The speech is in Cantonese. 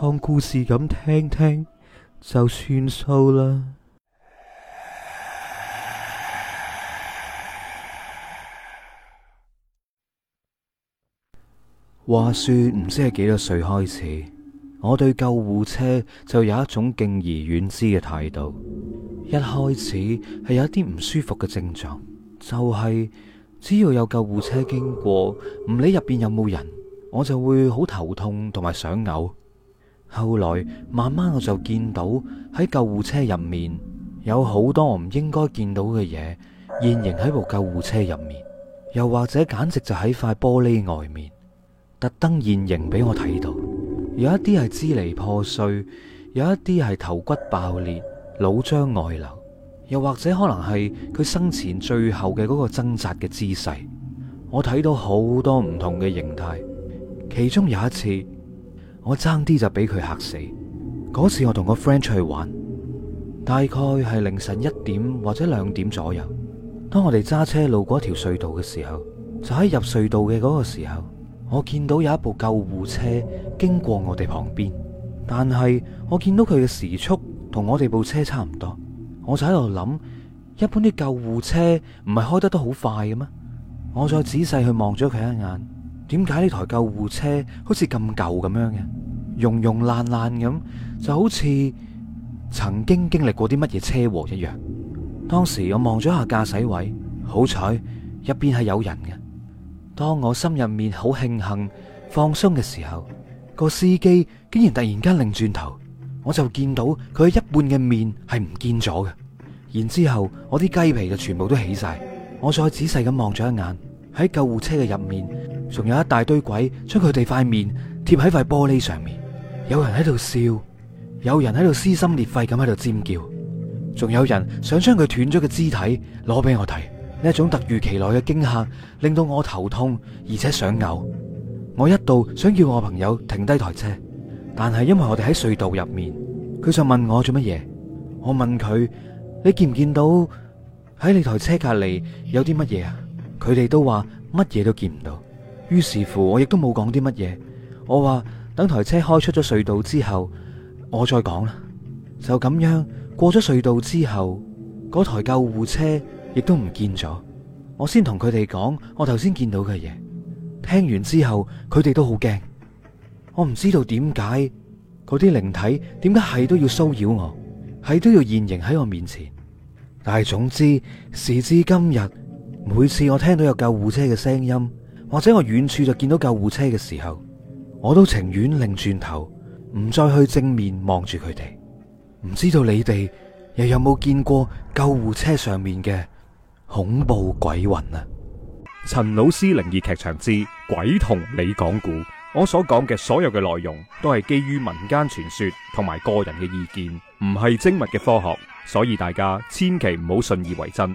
當故事咁聽聽就算數啦。話說唔知係幾多歲開始，我對救護車就有一種敬而遠之嘅態度。一開始係有一啲唔舒服嘅症狀，就係只要有救護車經過，唔理入邊有冇人，我就會好頭痛同埋想嘔。後來慢慢我就見到喺救護車入面有好多我唔應該見到嘅嘢現形喺部救護車入面，又或者簡直就喺塊玻璃外面特登現形俾我睇到。有一啲係支離破碎，有一啲係頭骨爆裂、腦漿外流，又或者可能係佢生前最後嘅嗰個掙扎嘅姿勢。我睇到好多唔同嘅形態，其中有一次，我爭啲就俾佢吓死。嗰次我同個 friend 出去玩，大概係凌晨一點或者兩點左右。當我哋揸車路過一條隧道嘅時候，就喺入隧道嘅嗰個時候，我見到有一部救護車經過我哋旁邊。但係我見到佢嘅時速同我哋部車差唔多，我就喺度諗，一般啲救護車唔係開得都好快嘅咩？我再仔細去望咗佢一眼。點解呢台救護車好似咁舊咁樣嘅，融融爛爛咁，就好似曾經經歷過啲乜嘢車禍一樣。當時我望咗下駕駛位，好彩一邊係有人嘅。當我心入面好慶幸放鬆嘅時候，個司機竟然突然間擰轉頭，我就見到佢一半嘅面係唔見咗嘅。然之後我啲雞皮就全部都起晒。我再仔細咁望咗一眼，喺救護車嘅入面，仲有一大堆鬼，將佢哋塊面貼喺塊玻璃上面。有人喺度笑，有人喺度撕心裂肺咁喺度尖叫，仲有人想將佢斷咗嘅肢體攞俾我睇。呢一種突如其來嘅驚嚇，令到我頭痛而且想嘔。我一度想叫我朋友停低台車，但係因為我哋喺隧道入面，佢就問我做乜嘢。我問佢：你見唔見到喺你台車隔籬有啲乜嘢啊？佢哋都話乜嘢都見唔到。於是乎我，我亦都冇講啲乜嘢。我話等台車開出咗隧道之後，我再講啦。就咁樣過咗隧道之後，嗰台救護車亦都唔見咗。我先同佢哋講我頭先見到嘅嘢。聽完之後，佢哋都好驚。我唔知道點解嗰啲靈體點解係都要騷擾我，係都要現形喺我面前。但係總之，時至今日，每次我聽到有救護車嘅聲音。或者我遠處就見到救護車嘅時候，我都情願擰轉頭，唔再去正面望住佢哋。唔知道你哋又有冇見過救護車上面嘅恐怖鬼魂啊？陳老師靈異劇場之「鬼同你講故」，我所講嘅所有嘅內容都係基於民間傳說同埋個人嘅意見，唔係精密嘅科學，所以大家千祈唔好信以為真。